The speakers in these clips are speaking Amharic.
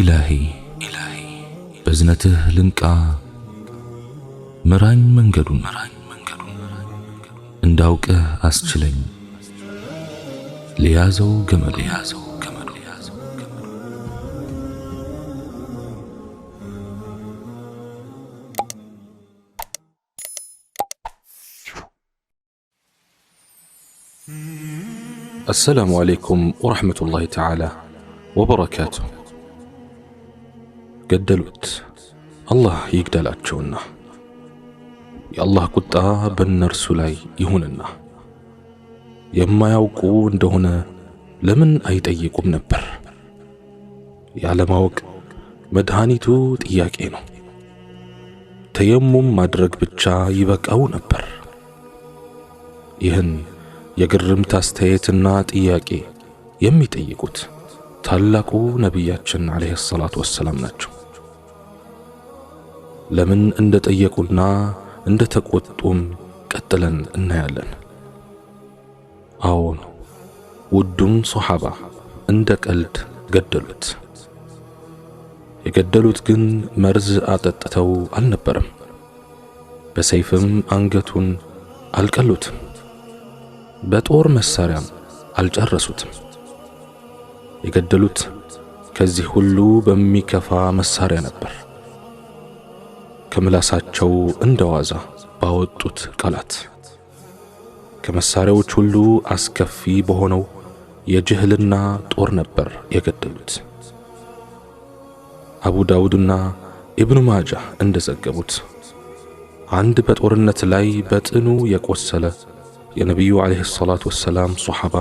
إلهي إلهي بزنته لنكا مران منجدو مران منجدو اندوك أسجلين ليازو جمل ليازو جمل ليازو جمل السلام عليكم ورحمة الله تعالى وبركاته ገደሉት፣ አላህ ይግደላቸውና የአላህ ቁጣ በእነርሱ ላይ ይሁንና። የማያውቁ እንደሆነ ለምን አይጠይቁም ነበር? ያለማወቅ መድኃኒቱ ጥያቄ ነው። ተየሙም ማድረግ ብቻ ይበቃው ነበር። ይህን የግርምት አስተያየትና ጥያቄ የሚጠይቁት ታላቁ ነቢያችን ዓለይሂ ሰላቱ ወሰላም ናቸው። ለምን እንደጠየቁና እንደተቆጡም ቀጥለን እናያለን። አዎን ውዱን ሶሐባ እንደ ቀልድ ገደሉት። የገደሉት ግን መርዝ አጠጥተው አልነበረም። በሰይፍም አንገቱን አልቀሉትም። በጦር መሳሪያም አልጨረሱትም። የገደሉት ከዚህ ሁሉ በሚከፋ መሳሪያ ነበር። ከምላሳቸው እንደ ዋዛ ባወጡት ቃላት ከመሳሪያዎች ሁሉ አስከፊ በሆነው የጅህልና ጦር ነበር የገደሉት። አቡ ዳውድና ኢብኑ ማጃ እንደዘገቡት አንድ በጦርነት ላይ በጥኑ የቆሰለ የነቢዩ ዓለይሂ ሰላቱ ወሰላም ሶሓባ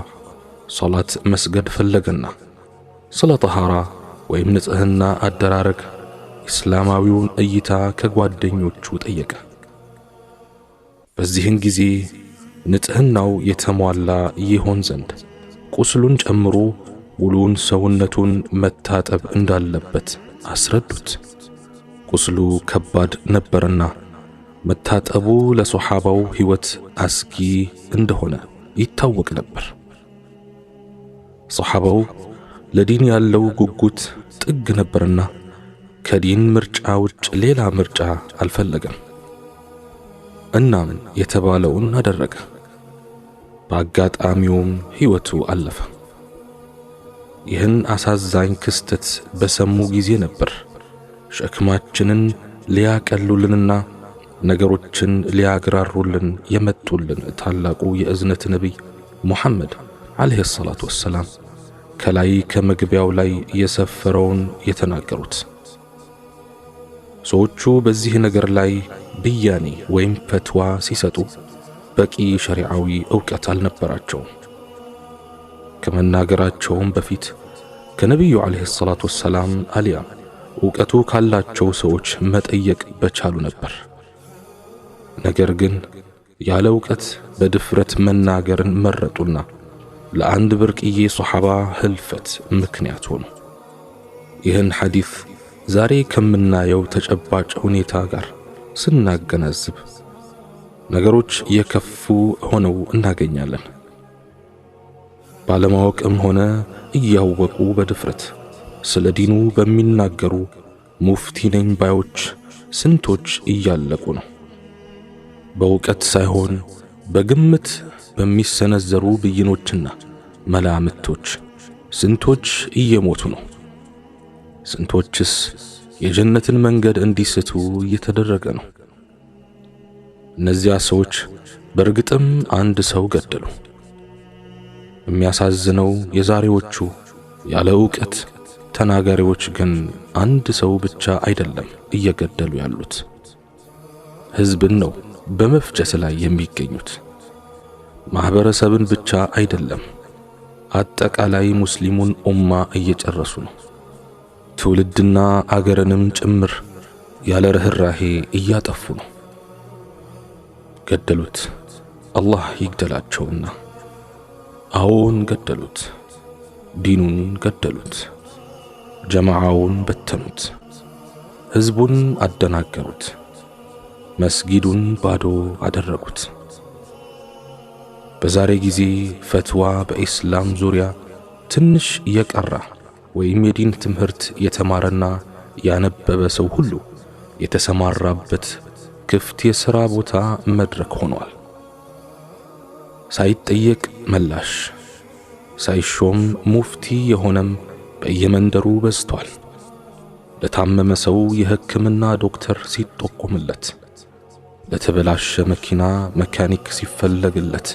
ሶላት መስገድ ፈለገና ስለ ጠሃራ ወይም ንጽህና አደራረግ እስላማዊውን እይታ ከጓደኞቹ ጠየቀ። በዚህን ጊዜ ንጽህናው የተሟላ ይሆን ዘንድ ቁስሉን ጨምሮ ሙሉውን ሰውነቱን መታጠብ እንዳለበት አስረዱት። ቁስሉ ከባድ ነበርና መታጠቡ ለሶሓባው ሕይወት አስጊ እንደሆነ ይታወቅ ነበር። ሶሓባው ለዲን ያለው ጉጉት ጥግ ነበርና ከዲን ምርጫ ውጭ ሌላ ምርጫ አልፈለገም። እናም የተባለውን አደረገ። በአጋጣሚውም ሕይወቱ አለፈ። ይህን አሳዛኝ ክስተት በሰሙ ጊዜ ነበር ሸክማችንን ሊያቀሉልንና ነገሮችን ሊያግራሩልን የመጡልን ታላቁ የእዝነት ነቢይ ሙሐመድ ዓለይሂ ሰላቱ ወሰላም ከላይ ከመግቢያው ላይ የሰፈረውን የተናገሩት። ሰዎቹ በዚህ ነገር ላይ ብያኔ ወይም ፈትዋ ሲሰጡ በቂ ሸሪዓዊ ዕውቀት አልነበራቸውም። ከመናገራቸውም በፊት ከነቢዩ ዓለይሂ ሰላቱ ወሰላም አሊያም ዕውቀቱ ካላቸው ሰዎች መጠየቅ በቻሉ ነበር። ነገር ግን ያለ ዕውቀት በድፍረት መናገርን መረጡና ለአንድ ብርቅዬ ሶሓባ ህልፈት ምክንያት ሆኑ። ይህን ሐዲስ ዛሬ ከምናየው ተጨባጭ ሁኔታ ጋር ስናገናዝብ ነገሮች የከፉ ሆነው እናገኛለን። ባለማወቅም ሆነ እያወቁ በድፍረት ስለ ዲኑ በሚናገሩ ሙፍቲ ነኝ ባዮች ስንቶች እያለቁ ነው። በእውቀት ሳይሆን በግምት በሚሰነዘሩ ብይኖችና መላምቶች ስንቶች እየሞቱ ነው። ስንቶችስ የጀነትን መንገድ እንዲስቱ እየተደረገ ነው። እነዚያ ሰዎች በእርግጥም አንድ ሰው ገደሉ። የሚያሳዝነው የዛሬዎቹ ያለ እውቀት ተናጋሪዎች ግን አንድ ሰው ብቻ አይደለም እየገደሉ ያሉት፣ ሕዝብን ነው በመፍጨት ላይ የሚገኙት። ማኅበረሰብን ብቻ አይደለም፣ አጠቃላይ ሙስሊሙን ኡማ እየጨረሱ ነው። ትውልድና አገርንም ጭምር ያለ ርኅራሄ እያጠፉ ነው። ገደሉት፣ አላህ ይግደላቸውና። አዎን ገደሉት፣ ዲኑን ገደሉት፣ ጀማዓውን በተኑት፣ ሕዝቡን አደናገሩት፣ መስጊዱን ባዶ አደረጉት። በዛሬ ጊዜ ፈትዋ በኢስላም ዙሪያ ትንሽ እየቀራ ወይም የዲን ትምህርት የተማረና ያነበበ ሰው ሁሉ የተሰማራበት ክፍት የሥራ ቦታ መድረክ ሆኗል። ሳይጠየቅ መላሽ፣ ሳይሾም ሙፍቲ የሆነም በየመንደሩ በዝቷል። ለታመመ ሰው የሕክምና ዶክተር ሲጠቆምለት፣ ለተበላሸ መኪና መካኒክ ሲፈለግለት፣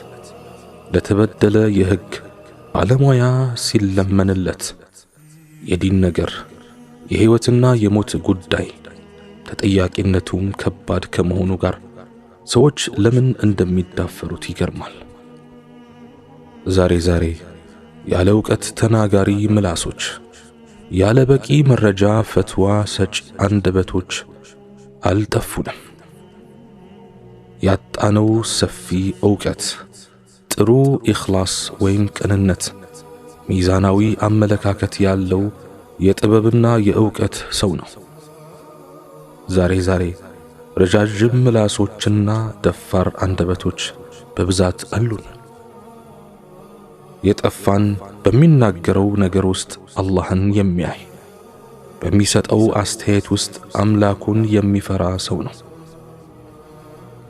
ለተበደለ የሕግ ባለሙያ ሲለመንለት የዲን ነገር የሕይወትና የሞት ጉዳይ ተጠያቂነቱም ከባድ ከመሆኑ ጋር ሰዎች ለምን እንደሚዳፈሩት ይገርማል። ዛሬ ዛሬ ያለ ዕውቀት ተናጋሪ ምላሶች፣ ያለ በቂ መረጃ ፈትዋ ሰጭ አንደበቶች አልጠፉንም። ያጣነው ሰፊ ዕውቀት፣ ጥሩ ኢኽላስ ወይም ቅንነት ሚዛናዊ አመለካከት ያለው የጥበብና የእውቀት ሰው ነው። ዛሬ ዛሬ ረዣዥም ምላሶችና ደፋር አንደበቶች በብዛት አሉን። የጠፋን በሚናገረው ነገር ውስጥ አላህን የሚያይ በሚሰጠው አስተያየት ውስጥ አምላኩን የሚፈራ ሰው ነው።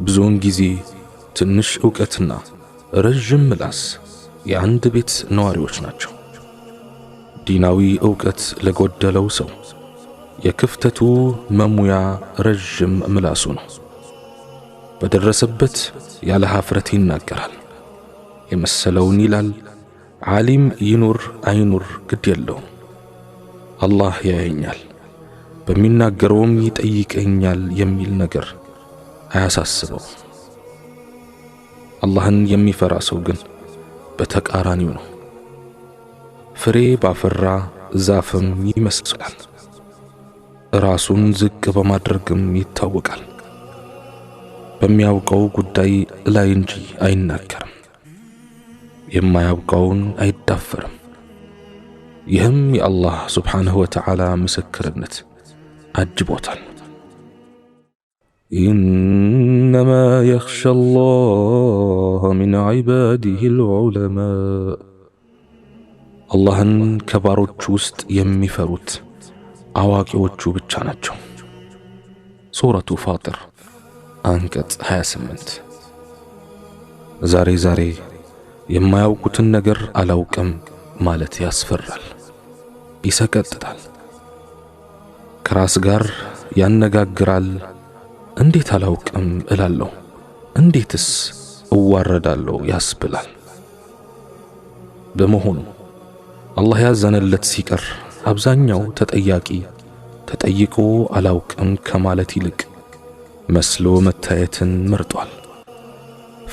ብዙውን ጊዜ ትንሽ ዕውቀትና ረዥም ምላስ የአንድ ቤት ነዋሪዎች ናቸው። ዲናዊ ዕውቀት ለጎደለው ሰው የክፍተቱ መሙያ ረዥም ምላሱ ነው። በደረሰበት ያለ ሀፍረት ይናገራል፣ የመሰለውን ይላል። ዓሊም ይኑር አይኑር ግድ የለውም። አላህ ያየኛል በሚናገረውም ይጠይቀኛል የሚል ነገር አያሳስበው። አላህን የሚፈራ ሰው ግን በተቃራኒው ነው። ፍሬ ባፈራ ዛፍም ይመስላል። ራሱን ዝቅ በማድረግም ይታወቃል። በሚያውቀው ጉዳይ ላይ እንጂ አይናገርም። የማያውቀውን አይዳፈርም። ይህም የአላህ ሱብሓነሁ ወተዓላ ምስክርነት አጅቦታል። إنما يخشى الله من عباده الዑለማእ አላህን ከባሮቹ ውስጥ የሚፈሩት አዋቂዎቹ ብቻ ናቸው። ሱረቱ ፋጢር አንቀጽ 28። ዛሬ ዛሬ የማያውቁትን ነገር አላውቅም ማለት ያስፈራል፣ ይሰቀጥታል፣ ከራስ ጋር ያነጋግራል እንዴት አላውቅም እላለሁ፣ እንዴትስ እዋረዳለሁ ያስብላል። በመሆኑ አላህ ያዘነለት ሲቀር አብዛኛው ተጠያቂ ተጠይቆ አላውቅም ከማለት ይልቅ መስሎ መታየትን መርጧል።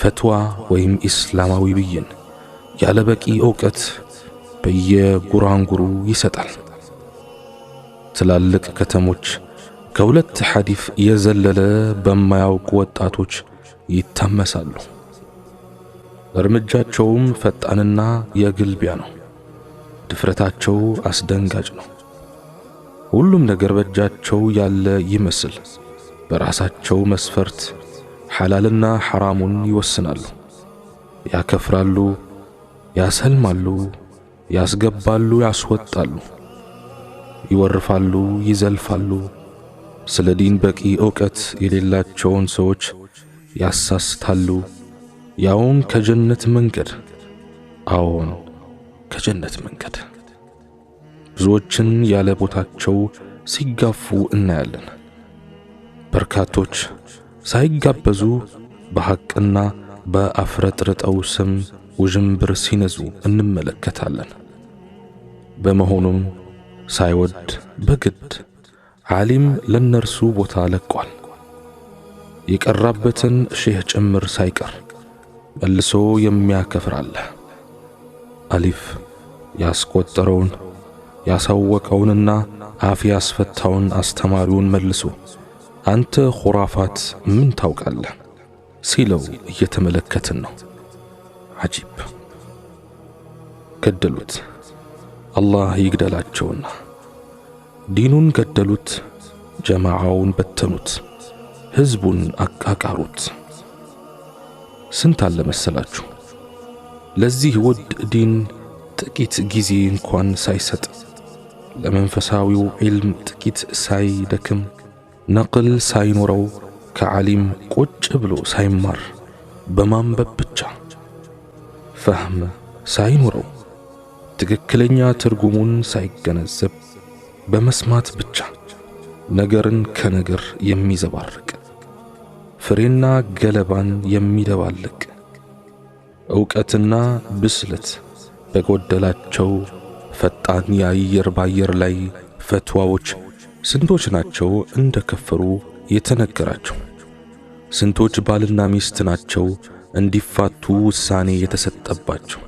ፈትዋ ወይም ኢስላማዊ ብይን ያለ በቂ ዕውቀት በየጉራንጉሩ ይሰጣል። ትላልቅ ከተሞች ከሁለት ሐዲፍ የዘለለ በማያውቁ ወጣቶች ይታመሳሉ። እርምጃቸውም ፈጣንና የግልቢያ ነው። ድፍረታቸው አስደንጋጭ ነው። ሁሉም ነገር በእጃቸው ያለ ይመስል በራሳቸው መስፈርት ሐላልና ሐራሙን ይወስናሉ፣ ያከፍራሉ፣ ያሰልማሉ፣ ያስገባሉ፣ ያስወጣሉ፣ ይወርፋሉ፣ ይዘልፋሉ ስለ ዲን በቂ ዕውቀት የሌላቸውን ሰዎች ያሳስታሉ፣ ያውም ከጀነት መንገድ። አዎን ከጀነት መንገድ። ብዙዎችን ያለ ቦታቸው ሲጋፉ እናያለን። በርካቶች ሳይጋበዙ በሐቅና በአፍረጥርጠው ስም ውዥንብር ሲነዙ እንመለከታለን። በመሆኑም ሳይወድ በግድ ዓሊም ለነርሱ ቦታ ለቋል። የቀራበትን ሼህ ጭምር ሳይቀር መልሶ የሚያከፍራለህ። አሊፍ ያስቆጠረውን ያሳወቀውንና አፍ ያስፈታውን አስተማሪውን መልሶ አንተ ኹራፋት ምን ታውቃለህ ሲለው እየተመለከትን ነው። አጂብ ገደሉት። አላህ ይግደላቸውና ዲኑን ገደሉት፣ ጀማዓውን በተኑት፣ ሕዝቡን አቃቃሩት። ስንት አለ መሰላችሁ ለዚህ ውድ ዲን ጥቂት ጊዜ እንኳን ሳይሰጥ ለመንፈሳዊው ዒልም ጥቂት ሳይደክም ነቅል ሳይኖረው ከዓሊም ቁጭ ብሎ ሳይማር በማንበብ ብቻ ፈህም ሳይኖረው ትክክለኛ ትርጉሙን ሳይገነዘብ በመስማት ብቻ ነገርን ከነገር የሚዘባርቅ ፍሬና ገለባን የሚደባልቅ ዕውቀትና ብስለት በጎደላቸው ፈጣን የአየር ባየር ላይ ፈትዋዎች ስንቶች ናቸው እንደከፈሩ የተነገራቸው። ስንቶች ባልና ሚስት ናቸው እንዲፋቱ ውሳኔ የተሰጠባቸው።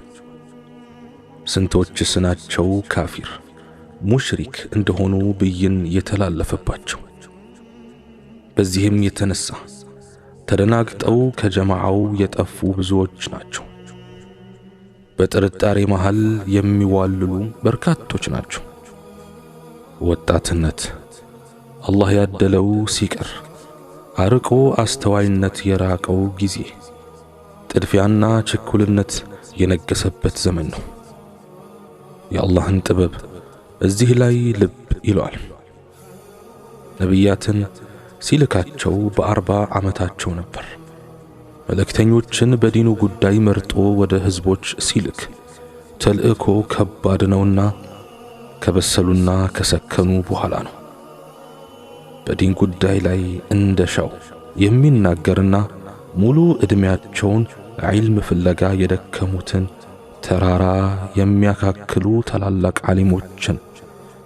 ስንቶችስ ናቸው ካፊር ሙሽሪክ እንደሆኑ ብይን የተላለፈባቸው። በዚህም የተነሳ ተደናግጠው ከጀማዓው የጠፉ ብዙዎች ናቸው። በጥርጣሬ መሃል የሚዋልሉ በርካቶች ናቸው። ወጣትነት አላህ ያደለው ሲቀር፣ አርቆ አስተዋይነት የራቀው ጊዜ፣ ጥድፊያና ችኩልነት የነገሰበት ዘመን ነው። የአላህን ጥበብ እዚህ ላይ ልብ ይሏል ነቢያትን ሲልካቸው በአርባ ዓመታቸው ነበር። መልእክተኞችን በዲኑ ጉዳይ መርጦ ወደ ሕዝቦች ሲልክ ተልእኮ ከባድ ነውና ከበሰሉና ከሰከኑ በኋላ ነው። በዲን ጉዳይ ላይ እንደሻው የሚናገርና ሙሉ ዕድሜያቸውን ዒልም ፍለጋ የደከሙትን ተራራ የሚያካክሉ ታላላቅ ዓሊሞችን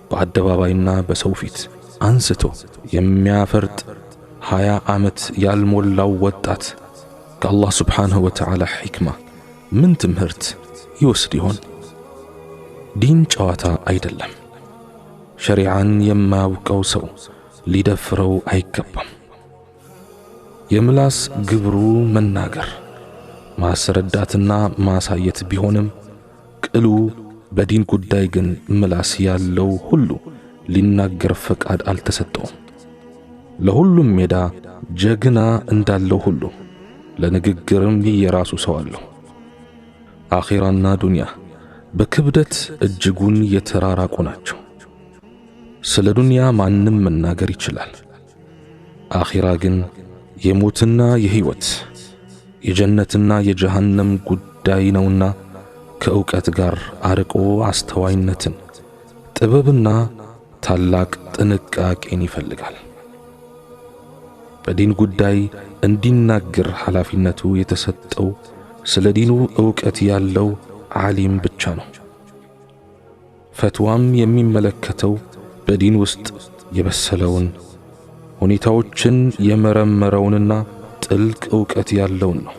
በአደባባይና በሰው ፊት አንስቶ የሚያፈርጥ ሀያ ዓመት ያልሞላው ወጣት ከአላህ ስብሓንሁ ወተዓላ ሒክማ ምን ትምህርት ይወስድ ይሆን? ዲን ጨዋታ አይደለም። ሸሪዓን የማያውቀው ሰው ሊደፍረው አይገባም። የምላስ ግብሩ መናገር ማስረዳትና ማሳየት ቢሆንም ቅሉ በዲን ጉዳይ ግን ምላስ ያለው ሁሉ ሊናገር ፈቃድ አልተሰጠውም። ለሁሉም ሜዳ ጀግና እንዳለው ሁሉ ለንግግርም የራሱ ሰው አለው። አኺራና ዱንያ በክብደት እጅጉን የተራራቁ ናቸው። ስለ ዱንያ ማንም መናገር ይችላል። አኺራ ግን የሞትና የህይወት የጀነትና የጀሃነም ጉዳይ ነውና ከእውቀት ጋር አርቆ አስተዋይነትን ጥበብና ታላቅ ጥንቃቄን ይፈልጋል። በዲን ጉዳይ እንዲናገር ኃላፊነቱ የተሰጠው ስለ ዲኑ እውቀት ያለው ዓሊም ብቻ ነው። ፈትዋም የሚመለከተው በዲን ውስጥ የበሰለውን ሁኔታዎችን የመረመረውንና ጥልቅ እውቀት ያለውን ነው።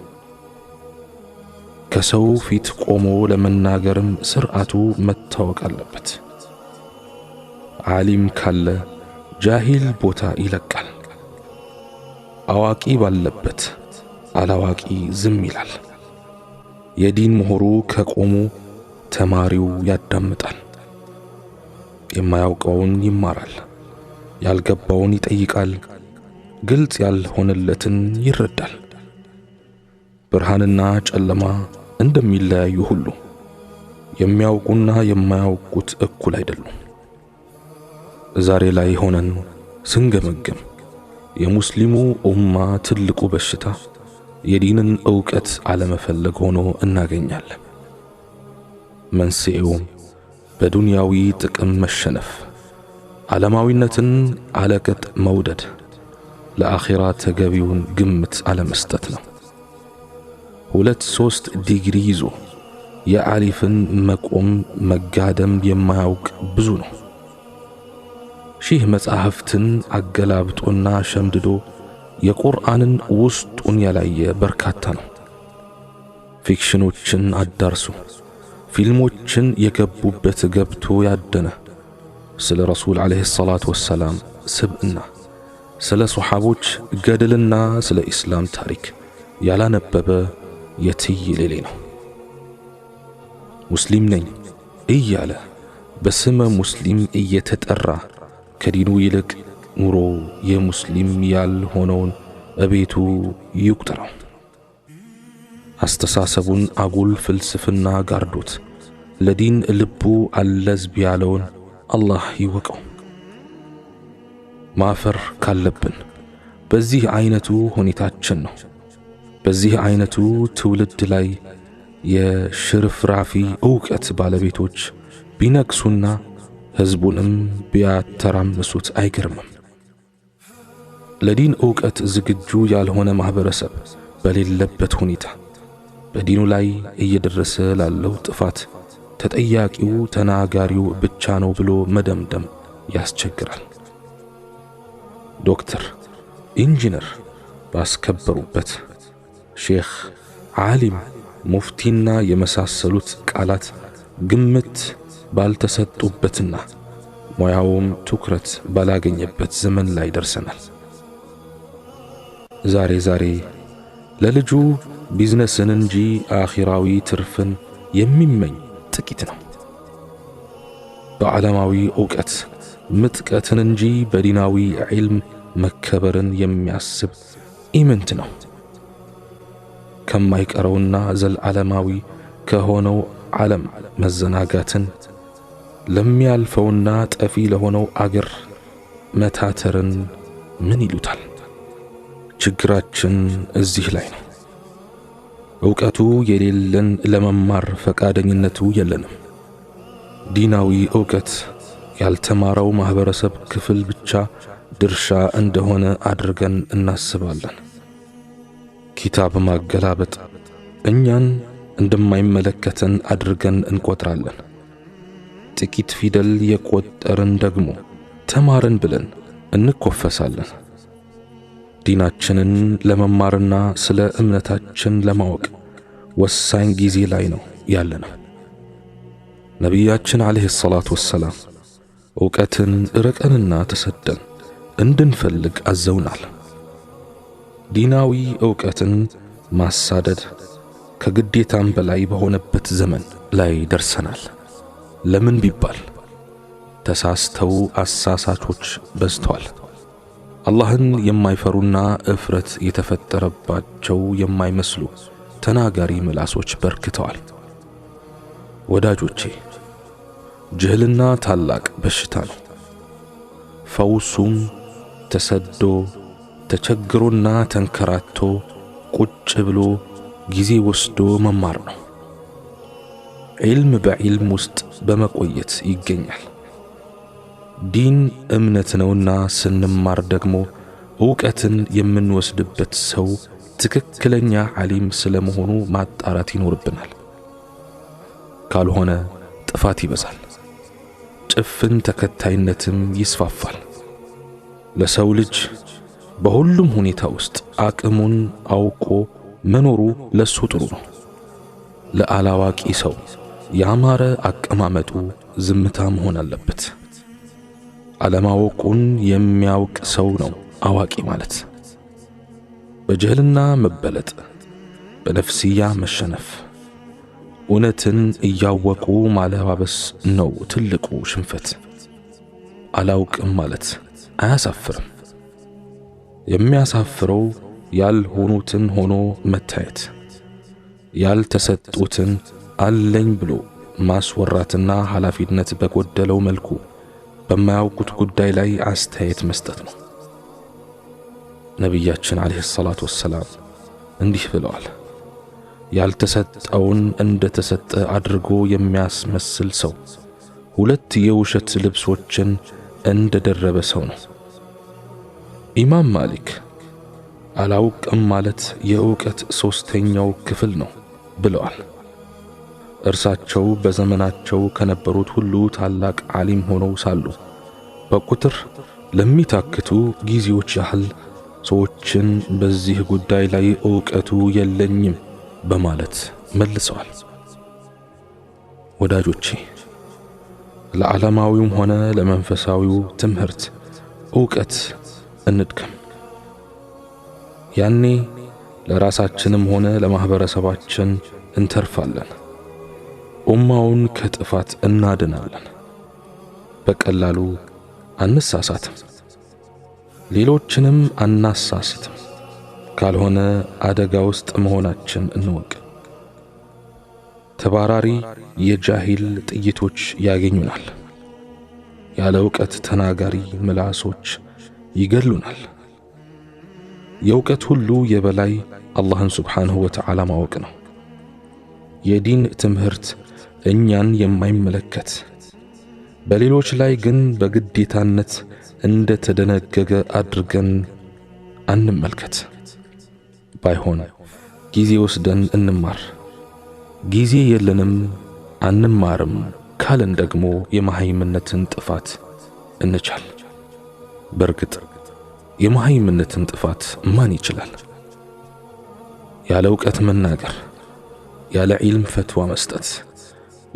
ከሰው ፊት ቆሞ ለመናገርም ስርዓቱ መታወቅ አለበት። ዓሊም ካለ ጃሂል ቦታ ይለቃል። አዋቂ ባለበት አላዋቂ ዝም ይላል። የዲን ምሁሩ ከቆሙ ተማሪው ያዳምጣል። የማያውቀውን ይማራል፣ ያልገባውን ይጠይቃል። ግልጽ ያልሆነለትን ይረዳል። ብርሃንና ጨለማ እንደሚለያዩ ሁሉ የሚያውቁና የማያውቁት እኩል አይደሉም። ዛሬ ላይ ሆነን ስንገመገም የሙስሊሙ ኡማ ትልቁ በሽታ የዲንን ዕውቀት አለመፈለግ ሆኖ እናገኛለን። መንስኤውም በዱንያዊ ጥቅም መሸነፍ፣ ዓለማዊነትን አለቀጥ መውደድ ለአኼራ ተገቢውን ግምት አለመስጠት ነው። ሁለት ሶስት ዲግሪ ይዞ የአሊፍን መቆም መጋደም የማያውቅ ብዙ ነው። ሺህ መጻሕፍትን አገላብጦና ሸምድዶ የቁርአንን ውስጡን ያላየ በርካታ ነው። ፊክሽኖችን አዳርሶ ፊልሞችን የገቡበት ገብቶ ያደነ ስለ ረሱል ዓለይሂ ሰላቱ ወሰላም ስብዕና ስለ ሶሓቦች ገድልና ስለ ኢስላም ታሪክ ያላነበበ የትይ ሌሌ ነው። ሙስሊም ነኝ እያለ በስመ ሙስሊም እየተጠራ ከዲኑ ይልቅ ኑሮ የሙስሊም ያልሆነውን እቤቱ ይቁጠረው። አስተሳሰቡን አጉል ፍልስፍና ጋርዶት ለዲን ልቡ አለዝብ ያለውን አላህ ይወቀው። ማፈር ካለብን በዚህ አይነቱ ሁኔታችን ነው። በዚህ አይነቱ ትውልድ ላይ የሽርፍራፊ እውቀት ባለቤቶች ቢነግሱና ህዝቡንም ቢያተራምሱት አይገርምም። ለዲን እውቀት ዝግጁ ያልሆነ ማህበረሰብ በሌለበት ሁኔታ በዲኑ ላይ እየደረሰ ላለው ጥፋት ተጠያቂው ተናጋሪው ብቻ ነው ብሎ መደምደም ያስቸግራል። ዶክተር፣ ኢንጂነር ባስከበሩበት ሼኽ፣ ዓሊም፣ ሙፍቲና የመሳሰሉት ቃላት ግምት ባልተሰጡበትና ሙያውም ትኩረት ባላገኘበት ዘመን ላይ ደርሰናል። ዛሬ ዛሬ ለልጁ ቢዝነስን እንጂ አኺራዊ ትርፍን የሚመኝ ጥቂት ነው። በዓለማዊ ዕውቀት ምጥቀትን እንጂ በዲናዊ ዒልም መከበርን የሚያስብ ኢምንት ነው። ከማይቀረውና ዘለዓለማዊ ከሆነው ዓለም መዘናጋትን ለሚያልፈውና ጠፊ ለሆነው አገር መታተርን ምን ይሉታል? ችግራችን እዚህ ላይ ነው። እውቀቱ የሌለን ለመማር ፈቃደኝነቱ የለንም። ዲናዊ እውቀት ያልተማረው ማህበረሰብ ክፍል ብቻ ድርሻ እንደሆነ አድርገን እናስባለን። ኪታብ ማገላበጥ እኛን እንደማይመለከተን አድርገን እንቆጥራለን። ጥቂት ፊደል የቆጠርን ደግሞ ተማርን ብለን እንኮፈሳለን። ዲናችንን ለመማርና ስለ እምነታችን ለማወቅ ወሳኝ ጊዜ ላይ ነው ያለነው። ነቢያችን ዓለይሂ ሰላቱ ወሰላም ዕውቀትን ርቀንና ተሰደን እንድንፈልግ አዘውናል። ዲናዊ ዕውቀትን ማሳደድ ከግዴታም በላይ በሆነበት ዘመን ላይ ደርሰናል። ለምን ቢባል ተሳስተው አሳሳቾች በዝተዋል። አላህን የማይፈሩና እፍረት የተፈጠረባቸው የማይመስሉ ተናጋሪ ምላሶች በርክተዋል። ወዳጆቼ ጅህልና ታላቅ በሽታ ነው። ፈውሱም ተሰዶ ተቸግሮና ተንከራቶ ቁጭ ብሎ ጊዜ ወስዶ መማር ነው። ዒልም በዒልም ውስጥ በመቆየት ይገኛል። ዲን እምነት ነውና ስንማር ደግሞ እውቀትን የምንወስድበት ሰው ትክክለኛ ዓሊም ስለመሆኑ ማጣራት ይኖርብናል። ካልሆነ ጥፋት ይበዛል። ጭፍን ተከታይነትም ይስፋፋል። ለሰው ልጅ በሁሉም ሁኔታ ውስጥ አቅሙን አውቆ መኖሩ ለሱ ጥሩ ነው። ለአላዋቂ ሰው ያማረ አቀማመጡ ዝምታ መሆን አለበት። አለማወቁን የሚያውቅ ሰው ነው አዋቂ ማለት። በጅህልና መበለጥ፣ በነፍስያ መሸነፍ እውነትን እያወቁ ማለባበስ ነው ትልቁ ሽንፈት። አላውቅም ማለት አያሳፍርም። የሚያሳፍረው ያልሆኑትን ሆኖ መታየት፣ ያልተሰጡትን አለኝ ብሎ ማስወራትና ኃላፊነት በጎደለው መልኩ በማያውቁት ጉዳይ ላይ አስተያየት መስጠት ነው። ነቢያችን ዓለይሂ ሰላቱ ወሰላም እንዲህ ብለዋል ያልተሰጠውን እንደተሰጠ አድርጎ የሚያስመስል ሰው ሁለት የውሸት ልብሶችን እንደደረበ ሰው ነው። ኢማም ማሊክ አላውቅም ማለት የእውቀት ሶስተኛው ክፍል ነው ብለዋል። እርሳቸው በዘመናቸው ከነበሩት ሁሉ ታላቅ ዓሊም ሆነው ሳሉ በቁጥር ለሚታክቱ ጊዜዎች ያህል ሰዎችን በዚህ ጉዳይ ላይ እውቀቱ የለኝም በማለት መልሰዋል። ወዳጆቼ ለዓለማዊውም ሆነ ለመንፈሳዊው ትምህርት ዕውቀት እንድከም። ያኔ ለራሳችንም ሆነ ለማኅበረሰባችን እንተርፋለን። ኡማውን ከጥፋት እናድናለን። በቀላሉ አንሳሳትም፣ ሌሎችንም አናሳስትም። ካልሆነ አደጋ ውስጥ መሆናችን እንወቅ። ተባራሪ የጃሂል ጥይቶች ያገኙናል። ያለ እውቀት ተናጋሪ ምላሶች ይገሉናል። የእውቀት ሁሉ የበላይ አላህን ሱብሓነሁ ወተዓላ ማወቅ ነው። የዲን ትምህርት እኛን የማይመለከት በሌሎች ላይ ግን በግዴታነት እንደ ተደነገገ አድርገን አንመልከት። ባይሆን ጊዜ ወስደን እንማር። ጊዜ የለንም አንማርም ካለን ደግሞ የመሃይምነትን ጥፋት እንቻል። በርግጥ የመሃይምነትን ጥፋት ማን ይችላል? ያለ እውቀት መናገር፣ ያለ ዒልም ፈትዋ መስጠት፣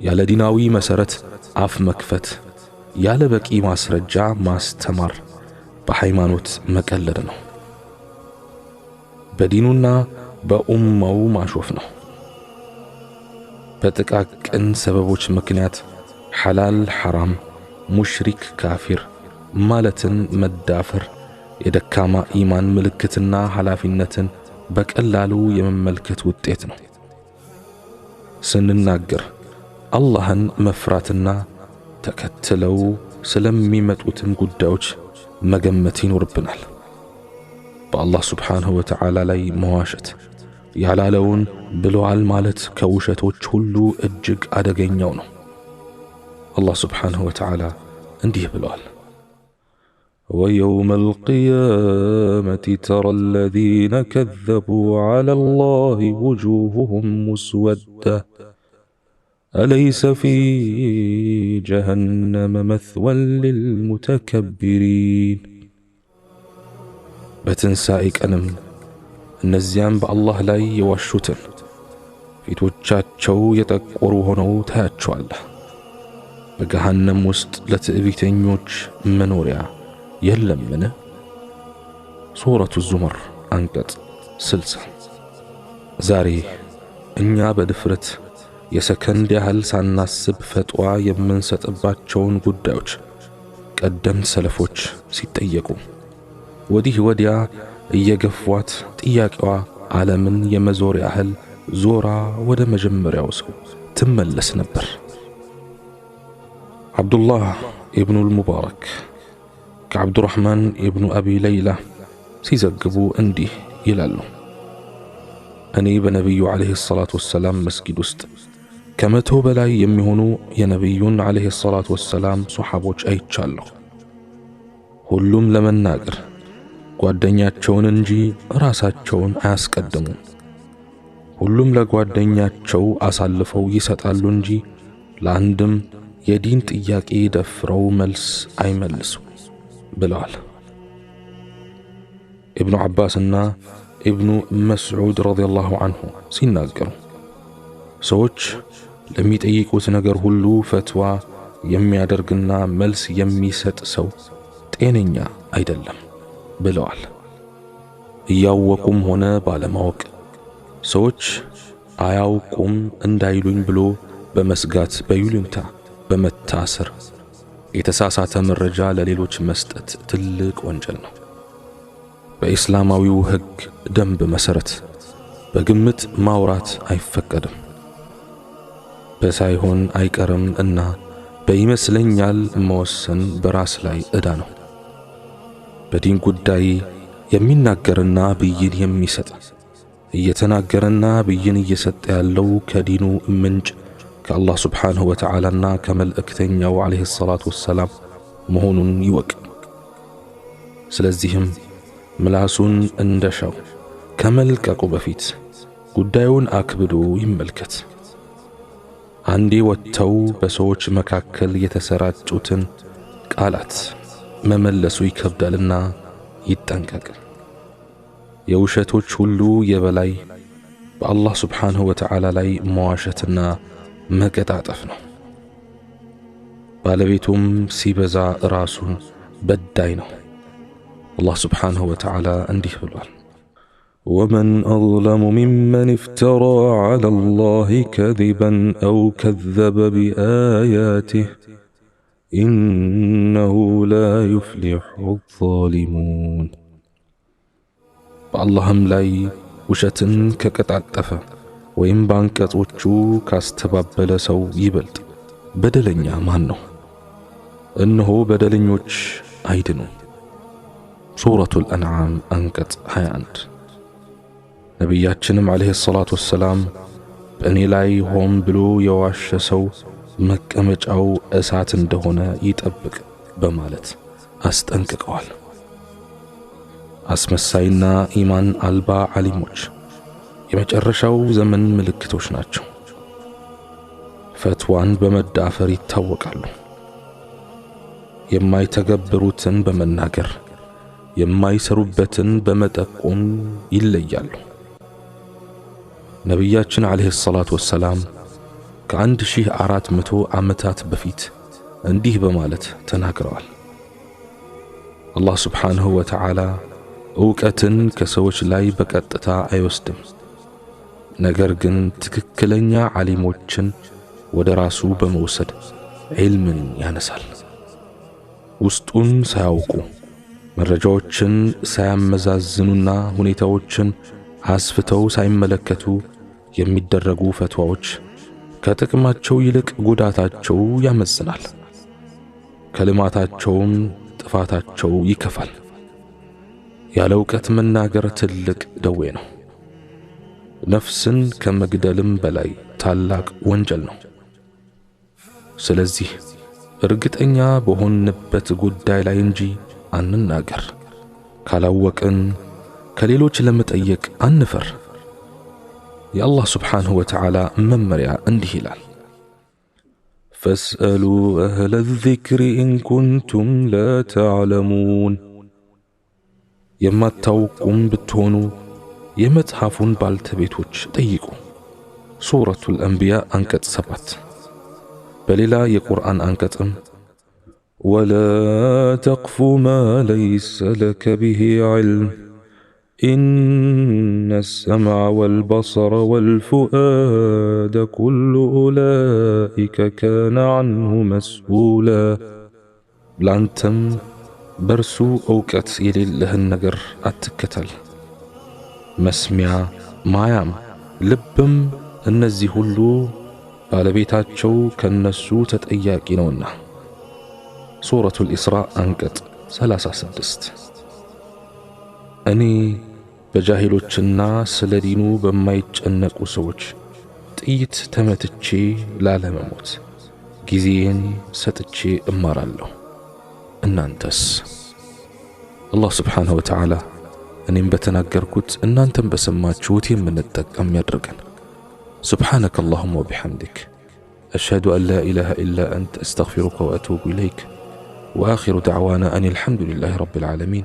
ያለ ዲናዊ መሰረት አፍ መክፈት፣ ያለ በቂ ማስረጃ ማስተማር፣ በሃይማኖት መቀለድ ነው። በዲኑና በኡማው ማሾፍ ነው። በጥቃቅን ሰበቦች ምክንያት ሐላል ሐራም፣ ሙሽሪክ ካፊር ማለትን መዳፈር የደካማ ኢማን ምልክትና ኃላፊነትን በቀላሉ የመመልከት ውጤት ነው። ስንናገር አላህን መፍራትና ተከትለው ስለሚመጡትም ጉዳዮች መገመት ይኖርብናል። በአላህ ስብሓንሁ ወተዓላ ላይ መዋሸት ያላለውን ብለዋል ማለት ከውሸቶች ሁሉ እጅግ አደገኛው ነው። አላህ ስብሓንሁ ወተዓላ እንዲህ ብለዋል ويوم القيامة ترى الذين كذبوا على الله وجوههم مسودة أليس في جهنم مثوى للمتكبرين በትንሣኤ ቀንም እነዚያም በአላህ ላይ የዋሹትን ፊቶቻቸው የጠቆሩ ሆነው ታያቸዋለህ። በገሃነም ውስጥ ለትዕቢተኞች መኖሪያ የለምን? ሱረቱ ዙመር አንቀጽ ስልሳ ዛሬ እኛ በድፍረት የሰከንድ ያህል ሳናስብ ፈትዋ የምንሰጥባቸውን ጉዳዮች ቀደምት ሰለፎች ሲጠየቁ ወዲህ ወዲያ እየገፏት ጥያቄዋ ዓለምን የመዞር ያህል ዞራ ወደ መጀመሪያው ሰው ትመለስ ነበር። ዓብዱላህ ኢብኑል ሙባረክ ከዓብዱራሕማን ኢብኑ አቢ ለይላ ሲዘግቡ እንዲህ ይላሉ። እኔ በነቢዩ ዓለይሂ ሰላቱ ወሰላም መስጊድ ውስጥ ከመቶ በላይ የሚሆኑ የነቢዩን ዓለይሂ ሰላቱ ወሰላም ሶሓቦች አይቻለሁ። ሁሉም ለመናገር ጓደኛቸውን እንጂ ራሳቸውን አያስቀድሙም። ሁሉም ለጓደኛቸው አሳልፈው ይሰጣሉ እንጂ ለአንድም የዲን ጥያቄ ደፍረው መልስ አይመልሱ ብለዋል። ኢብኑ ዓባስና ኢብኑ መስዑድ ረዲየላሁ አንሁ ሲናገሩ ሰዎች ለሚጠይቁት ነገር ሁሉ ፈትዋ የሚያደርግና መልስ የሚሰጥ ሰው ጤነኛ አይደለም። ብለዋል። እያወቁም ሆነ ባለማወቅ ሰዎች አያውቁም እንዳይሉኝ ብሎ በመስጋት በይሉኝታ በመታሰር የተሳሳተ መረጃ ለሌሎች መስጠት ትልቅ ወንጀል ነው። በኢስላማዊው ሕግ ደንብ መሰረት በግምት ማውራት አይፈቀድም። በሳይሆን አይቀርም እና በይመስለኛል መወሰን በራስ ላይ ዕዳ ነው። በዲን ጉዳይ የሚናገርና ብይን የሚሰጥ እየተናገረና ብይን እየሰጠ ያለው ከዲኑ ምንጭ ከአላህ ስብሓንሁ ወተዓላና ከመልእክተኛው ዓለይሂ ሰላቱ ወሰላም መሆኑን ይወቅ። ስለዚህም ምላሱን እንደሻው ከመልቀቁ በፊት ጉዳዩን አክብዶ ይመልከት። አንዴ ወጥተው በሰዎች መካከል የተሰራጩትን ቃላት መመለሱ ይከብዳልና ይጠንቀቅ። የውሸቶች ሁሉ የበላይ በአላህ ስብሓንሁ ወተዓላ ላይ መዋሸትና መቀጣጠፍ ነው። ባለቤቱም ሲበዛ ራሱ በዳይ ነው። አላህ ስብሓንሁ ወተዓላ እንዲህ ብሏል፣ ወመን አዝለሙ ሚመን እፍተራ ዐላ ላህ ከዚበን አው ከዘበ ቢአያቲህ ኢነሁ ላ ዩፍሊሑ ዛሊሙን። በአላህም ላይ ውሸትን ከቀጣጠፈ ወይም በአንቀጾቹ ካስተባበለ ሰው ይበልጥ በደለኛ ማን ነው? እነሆ በደለኞች አይድኑ። ሱረቱል አንዓም አንቀጽ 21 ነቢያችንም ዓለይሂ ሰላቱ ወሰላም በእኔ ላይ ሆን ብሎ የዋሸ ሰው መቀመጫው እሳት እንደሆነ ይጠብቅ በማለት አስጠንቅቀዋል። አስመሳይና ኢማን አልባ ዓሊሞች የመጨረሻው ዘመን ምልክቶች ናቸው። ፈትዋን በመዳፈር ይታወቃሉ። የማይተገብሩትን በመናገር የማይሰሩበትን በመጠቆም ይለያሉ። ነቢያችን ዓለይሂ ሰላቱ ወሰላም ከአንድ ሺህ አራት መቶ ዓመታት በፊት እንዲህ በማለት ተናግረዋል። አላህ ስብሓንሁ ወተዓላ ዕውቀትን ከሰዎች ላይ በቀጥታ አይወስድም። ነገር ግን ትክክለኛ ዓሊሞችን ወደ ራሱ በመውሰድ ዒልምን ያነሳል። ውስጡን ሳያውቁ መረጃዎችን ሳያመዛዝኑና ሁኔታዎችን አስፍተው ሳይመለከቱ የሚደረጉ ፈትዋዎች ከጥቅማቸው ይልቅ ጉዳታቸው ያመዝናል፣ ከልማታቸውም ጥፋታቸው ይከፋል። ያለ እውቀት መናገር ትልቅ ደዌ ነው፣ ነፍስን ከመግደልም በላይ ታላቅ ወንጀል ነው። ስለዚህ እርግጠኛ በሆንበት ጉዳይ ላይ እንጂ አንናገር። ካላወቅን ከሌሎች ለመጠየቅ አንፈር። የአላህ ስብሓንሁ ወተዓላ መመሪያ እንዲህ ይላል፣ ፈስአሉ አህለ ዚክሪ ኢንኩንቱም ላተዕለሙን፣ የማታውቁም ብትሆኑ የመጽሐፉን ባልተቤቶች ጠይቁ። ሱረቱል አንቢያ አንቀጽ ሰባት በሌላ የቁርአን አንቀጽም ወላ ተቅፉ ማ ለይሰ ለከ ብሂ ዒልም إن السمع والبصر والفؤاد كل أولئك كان عنه مسؤولا لانتم برسو أوكات إلي الله النقر أتكتل مسمع مايام لبم النزي هلو على بيتاتشو كالنسو تتأياكي نونة سورة الإسراء أنكت ثلاثة سدست أني بجاهلوچنا سلدينو بمايچ انقو سوچ تيت تمتچي لا لا مموت گيزين ستچي امارالو انانتس الله سبحانه وتعالى انيم بتناگركوت انانتم التك ام يدرگن سبحانك اللهم وبحمدك اشهد ان لا اله الا انت استغفرك واتوب اليك واخر دعوانا ان الحمد لله رب العالمين